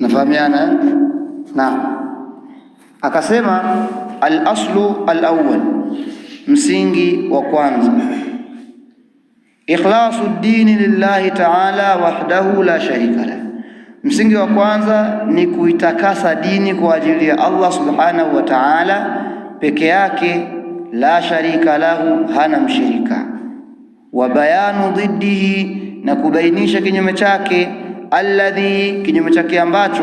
nafahamiana. na akasema al-aslu al-awwal, msingi wa kwanza ikhlasu dini lillahi ta'ala wahdahu la sharika lah, msingi wa kwanza ni kuitakasa dini kwa ajili ya Allah subhanahu wa ta'ala peke yake, la sharika lahu, hana mshirika, wa bayanu dhiddihi, na kubainisha kinyume chake alladhi, kinyume chake ambacho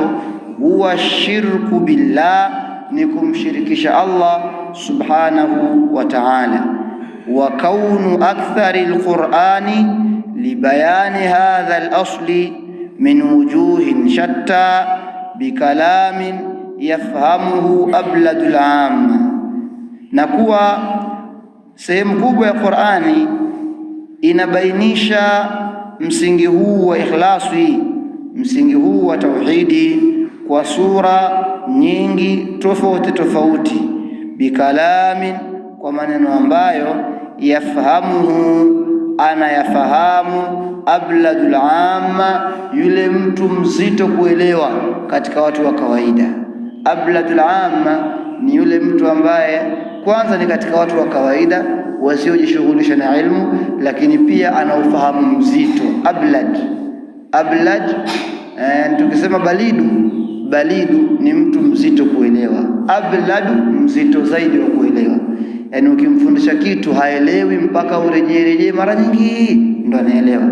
huwa shirku billah, ni kumshirikisha Allah subhanahu wa ta'ala. Wa kaunu akthari alqur'ani libayani hadha alasli min wujuhin shatta bikalamin yafhamuhu abladul amma, na kuwa sehemu kubwa ya Qur'ani inabainisha msingi huu wa ikhlasi msingi huu wa tauhidi kwa sura nyingi tofauti tofauti, bikalamin, kwa maneno ambayo yafhamuhu anayafahamu abladul amma, yule mtu mzito kuelewa katika watu wa kawaida. Abladul amma ni yule mtu ambaye kwanza ni katika watu wa kawaida wasiojishughulisha na ilmu, lakini pia ana ufahamu mzito ablad ablaj e, eh, tukisema balidu balidu ni mtu mzito kuelewa, abladu mzito zaidi wa kuelewa. Yaani ukimfundisha kitu haelewi mpaka urejee rejee mara nyingi ndo anaelewa,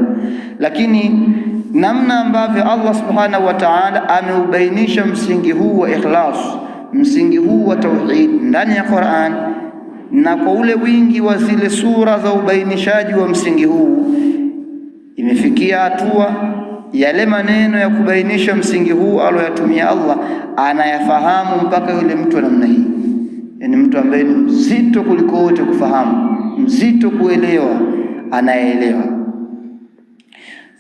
lakini namna ambavyo Allah subhanahu wa ta'ala ameubainisha msingi huu wa ikhlas, msingi huu wa tauhid ndani ya Qur'an na kwa ule wingi wa zile sura za ubainishaji wa msingi huu imefikia hatua yale maneno ya kubainisha msingi huu aliyoyatumia Allah anayafahamu mpaka yule mtu wa namna hii, yaani mtu ambaye ni mzito kuliko wote kufahamu, mzito kuelewa, anayeelewa.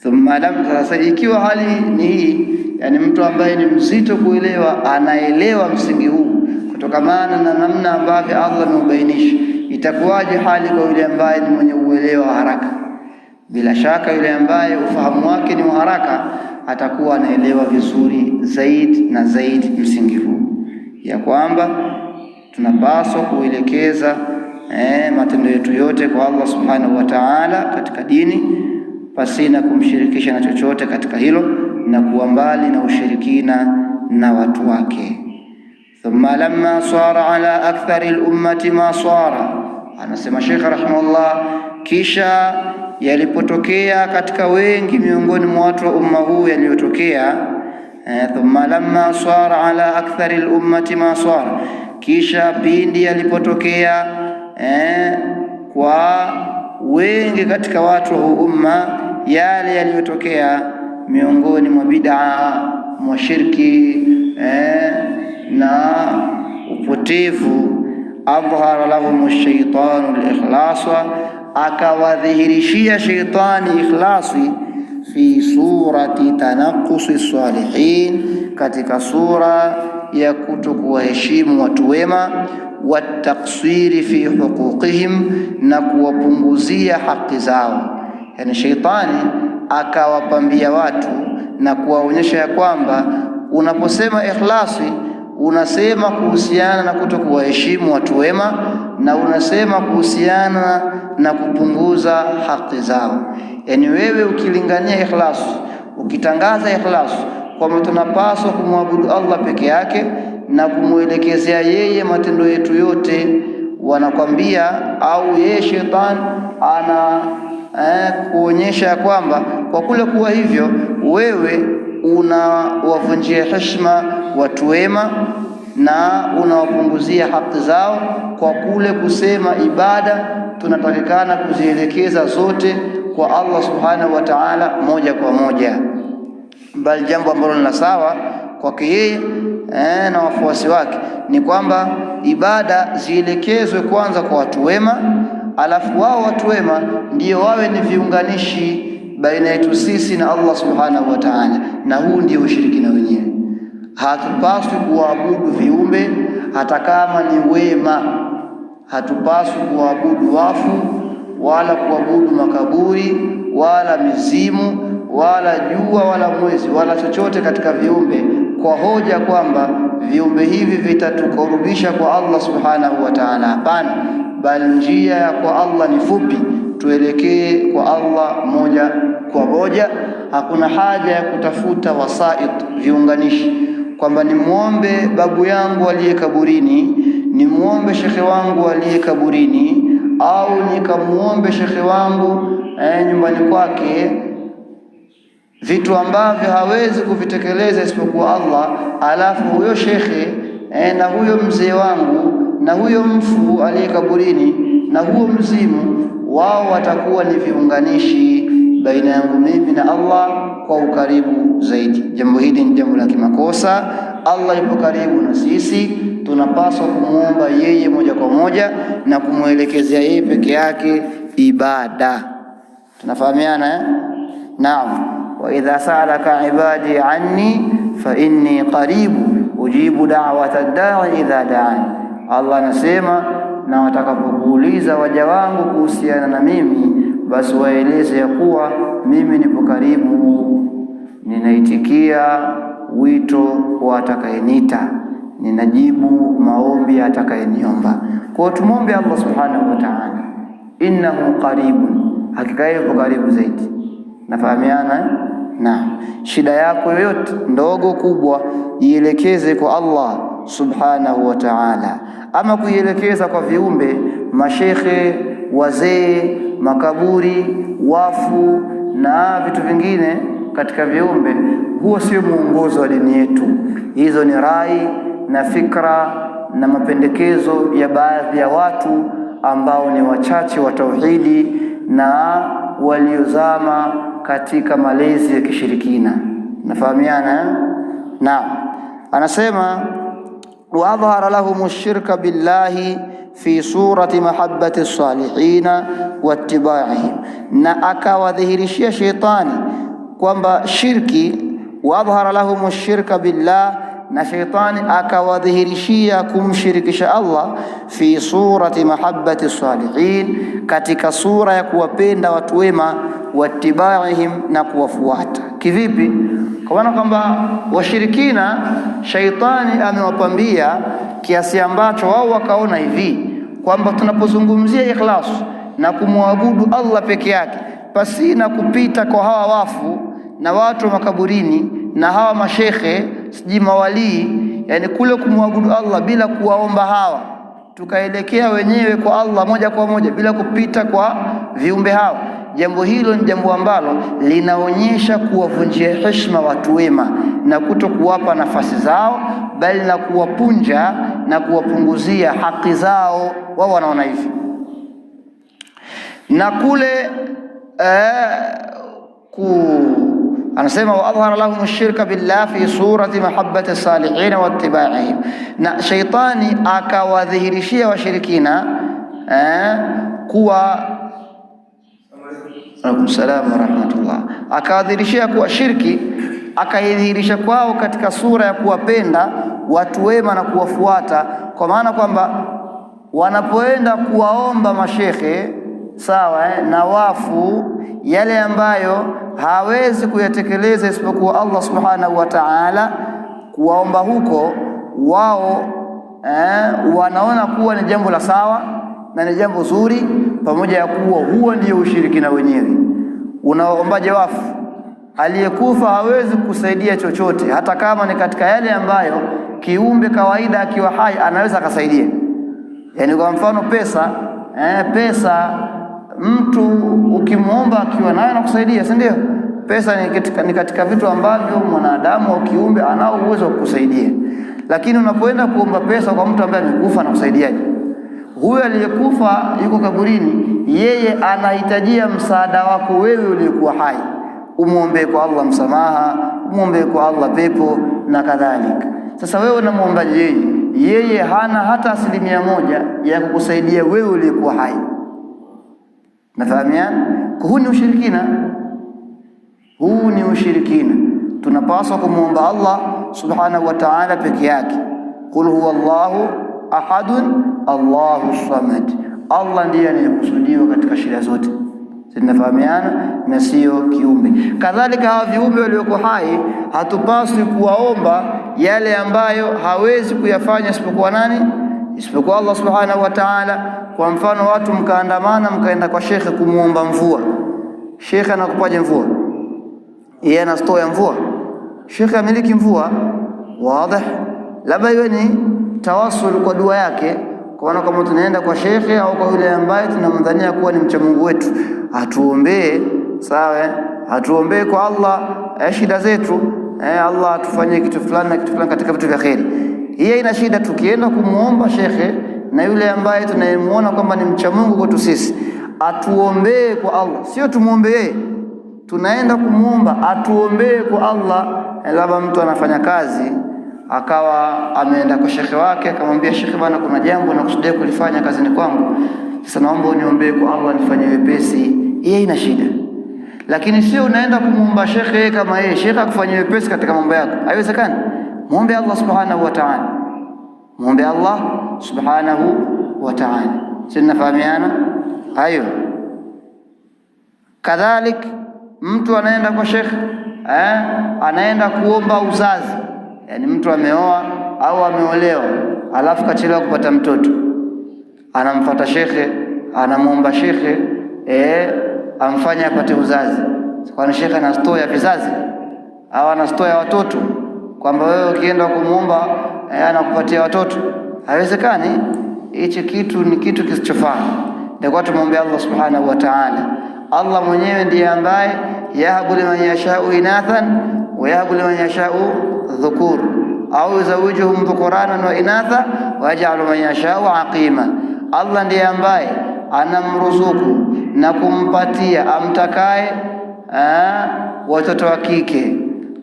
Thumma lam, sasa ikiwa hali ni hii, yani mtu ambaye ni mzito kuelewa anaelewa msingi huu kutokamana na namna ambavyo Allah ameubainisha, itakuwaje hali kwa yule ambaye ni mwenye uelewa haraka? Bila shaka yule ambaye ufahamu wake ni wa haraka atakuwa anaelewa vizuri zaidi na zaidi msingi huu, ya kwamba tunapaswa kuelekeza eh, matendo yetu yote kwa Allah subhanahu wa ta'ala katika dini pasina kumshirikisha na chochote katika hilo na kuwa mbali na ushirikina na watu wake. Thumma lamma sara ala akthari lummati ma sara, anasema Sheikh rahimahullah, kisha yalipotokea katika wengi miongoni mwa watu wa umma huu yaliyotokea. E, thumma lamma sara ala akthari lummati ma sara, kisha pindi yalipotokea e, kwa wengi katika watu wa umma yale yaliyotokea miongoni mwa bid'a mwa shirki e, na upotevu, adhara lahum shaitanu likhlasa akawadhihirishia shetani ikhlasi fi surati tanaqusi salihin, katika sura ya kutokuwaheshimu watu wema, wataksiri fi huquqihim, na kuwapunguzia haki zao. Yani sheitani akawapambia watu na kuwaonyesha ya kwamba unaposema ikhlasi unasema kuhusiana na kutokuwaheshimu watu wema na unasema kuhusiana na kupunguza haki zao. Yaani wewe ukilingania ikhlasu, ukitangaza ikhlas kwamba tunapaswa kumwabudu Allah peke yake na kumwelekezea yeye matendo yetu yote, wanakwambia au yeye shetani ana eh, kuonyesha kwamba kwa kule kuwa hivyo wewe unawavunjia heshima watu wema na unawapunguzia haki zao kwa kule kusema ibada tunatakikana kuzielekeza zote kwa Allah subhanahu wa ta'ala moja kwa moja, bali jambo ambalo lina sawa kwake yeye eh, na wafuasi wake ni kwamba ibada zielekezwe kwanza kwa watu wema, alafu wao watu wema ndio wawe ni viunganishi baina yetu sisi na Allah subhanahu wa ta'ala, na huu ndio ushirikina wenyewe hatupaswi kuabudu viumbe hata kama ni wema. Hatupaswi kuabudu wafu wala kuabudu makaburi wala mizimu wala jua wala mwezi wala chochote katika viumbe, kwa hoja kwamba viumbe hivi vitatukurubisha kwa Allah subhanahu wa ta'ala. Hapana, bali njia ya kwa Allah ni fupi, tuelekee kwa Allah moja kwa moja. Hakuna haja ya kutafuta wasait, viunganishi kwamba nimwombe babu yangu aliye kaburini, nimwombe shekhe wangu aliye kaburini, au nikamwombe shekhe wangu eh, nyumbani kwake vitu ambavyo hawezi kuvitekeleza isipokuwa Allah, alafu huyo shekhe eh, na huyo mzee wangu na huyo mfu aliye kaburini na huo mzimu, wao watakuwa ni viunganishi baina yangu mimi na Allah kwa ukaribu zaidi. Jambo hili ni jambo la kimakosa. Allah yupo karibu na sisi, tunapaswa kumwomba yeye moja kwa moja na kumwelekezea yeye peke yake ibada. Tunafahamiana eh? Naam. wa idha sa'alaka ibadi anni fa inni qaribu ujibu da'wata da'i idha da'ani, Allah anasema na watakapokuuliza waja wangu kuhusiana na mimi basi waeleze ya kuwa mimi nipo karibu, ninaitikia wito wa atakayenita, ninajibu maombi atakayeniomba. Kwa tumwombe Allah subhanahu wa ta'ala, innahu qaribun, hakika yupo karibu zaidi. Nafahamiana? na shida yako yoyote ndogo kubwa, ielekeze kwa Allah subhanahu wa ta'ala, ama kuielekeza kwa viumbe, mashekhe, wazee makaburi, wafu na vitu vingine katika viumbe, huo sio mwongozo wa dini yetu. Hizo ni rai na fikra na mapendekezo ya baadhi ya watu ambao ni wachache wa tauhidi na waliozama katika malezi ya kishirikina. Nafahamiana eh? na anasema wa adhhara lahum shirka billahi fi surati mahabbati salihina wattibaihim, na akawadhihirishia sheitani kwamba shirki, waadhhara lahum shirka billah, na sheitani akawadhihirishia kumshirikisha Allah fi surati mahabbati salihin, katika sura ya kuwapenda watu wema, wattibaihim, na kuwafuata kivipi? Kwa maana kwamba washirikina, shaitani amewapambia kiasi ambacho wao wakaona hivi kwamba tunapozungumzia ikhlas na kumwabudu Allah peke yake pasina kupita kwa hawa wafu na watu wa makaburini na hawa mashekhe sijui mawalii, yani kule kumwabudu Allah bila kuwaomba hawa, tukaelekea wenyewe kwa Allah moja kwa moja bila kupita kwa viumbe hawa Jambo hilo ni jambo ambalo linaonyesha kuwavunjia heshima watu wema na kuto kuwapa nafasi zao, bali na kuwapunja na kuwapunguzia haki zao. Wao wanaona hivi na kule eh, ku anasema wa adhara lahum shirka billah fi surati mahabbati salihin wa ittibaihim, na shaitani akawadhihirishia washirikina eh, kuwa Waalaikum salaam warahmatullah. Akawadhirishia kuwa shirki, akaidhihirisha kwao katika sura ya kuwapenda watu wema na kuwafuata, kwa maana kwamba wanapoenda kuwaomba mashekhe sawa eh, na wafu yale ambayo hawezi kuyatekeleza isipokuwa Allah subhanahu wa ta'ala, kuwaomba huko wao eh, wanaona kuwa ni jambo la sawa na ni jambo zuri pamoja ya kuwa huo ndio ushirikina wenyewe. Unawaombaje wafu? Aliyekufa hawezi kusaidia chochote, hata kama ni katika yale ambayo kiumbe kawaida akiwa hai anaweza akasaidia. Yaani kwa mfano pesa, eh, pesa mtu ukimwomba akiwa nayo anakusaidia, si ndio? Pesa ni katika, ni katika vitu ambavyo mwanadamu au kiumbe anao uwezo wa kukusaidia, lakini unapoenda kuomba pesa kwa mtu ambaye amekufa anakusaidiaje? huyo aliyekufa yuko kaburini, yeye anahitajia msaada wako wewe uliyekuwa hai. Umwombee kwa Allah msamaha, umwombee kwa Allah pepo na kadhalika. Sasa wewe unamwomba yeye, yeye hana hata asilimia moja ya kukusaidia wewe uliyekuwa hai. Nafahamiana, huu ni ushirikina, huu ni ushirikina. Tunapaswa kumwomba Allah subhanahu wa ta'ala peke yake. Qul huwa Allahu ahadun Allahu samad. Allah ndiye anayekusudiwa katika shida zote, zinafahamiana na sio kiumbe. Kadhalika hawa viumbe walioko hai hatupaswi kuwaomba yale ambayo hawezi kuyafanya isipokuwa nani? Isipokuwa Allah subhanahu wa ta'ala. Kwa mfano, watu mkaandamana mkaenda kwa shekhe kumwomba mvua, shekhe anakupaje mvua? Yeye ana ya mvua? Shekhe amiliki mvua? Wazi, labda iwe ni tawasul kwa dua yake, kuona kama tunaenda kwa shekhe au kwa yule ambaye tunamdhania kuwa ni mcha Mungu wetu, atuombee sawa, eh? atuombee kwa Allah eh, shida zetu eh, Allah atufanyie kitu fulani na kitu fulani katika vitu vya kheri. Hiyo ina shida, tukienda kumuomba shekhe na yule ambaye tunayemuona kwamba ni mcha Mungu kwetu sisi, atuombee kwa Allah, sio tumwombee tunaenda kumwomba, atuombee kwa Allah. Eh, labda mtu anafanya kazi akawa ameenda kwa shekhe wake, akamwambia shekhe, bwana, kuna jambo nakusudia kulifanya kazini kwangu, sasa naomba uniombee kwa Allah nifanye wepesi. Yeye ina shida, lakini sio unaenda kumwomba shekhe kama yeye shekhe akufanye wepesi katika mambo yako, haiwezekani. Muombe Allah subhanahu wa ta'ala, muombe Allah subhanahu wa ta'ala. Si Sinafahamiana hayo? Kadhalik mtu anaenda kwa shekhe eh, anaenda kuomba uzazi yaani mtu ameoa au ameolewa alafu kachelewa kupata mtoto, anamfata shekhe, anamwomba shekhe eh, amfanye apate uzazi, kwani shekhe ana stoo ya vizazi au ana stoo ya watoto, kwamba wewe ukienda kumuomba eh, anakupatia watoto. Haiwezekani. Hicho kitu ni kitu kisichofaa. Ndio tumuombe Allah subhanahu wa ta'ala. Allah mwenyewe ndiye ambaye yahabu liman yashau inathan wa yahabu liman yashau dhukur au zawijuhum dhukuranan wa inatha wayajalu man yashau aqima. Allah ndiye ambaye anamruzuku na kumpatia amtakaye eh, watoto wa kike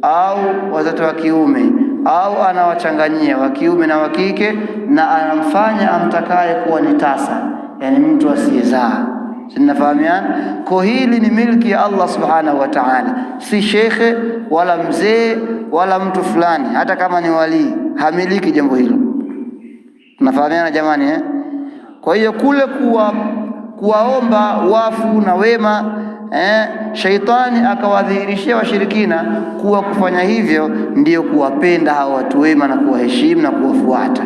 au watoto wa kiume au anawachanganyia wa kiume na wa kike, na anamfanya amtakaye kuwa ni tasa, yani mtu asiyezaa. Sinafahamiana ko hili ni milki ya Allah subhanahu wa ta'ala, si shekhe wala mzee wala mtu fulani, hata kama ni walii hamiliki jambo hilo. Tunafahamiana jamani eh? Kwa hiyo kule kuwa, kuwaomba wafu na wema eh, shaitani akawadhihirishia washirikina kuwa kufanya hivyo ndiyo kuwapenda hao watu wema na kuwaheshimu na kuwafuata,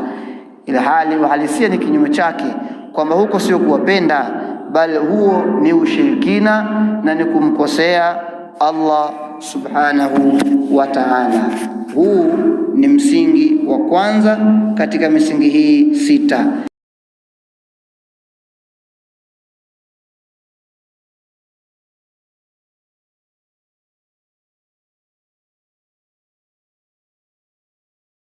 ila hali uhalisia ni kinyume chake, kwamba huko sio kuwapenda bal huo ni ushirikina na ni kumkosea Allah subhanahu wa ta'ala. Huu ni msingi wa kwanza katika misingi hii sita.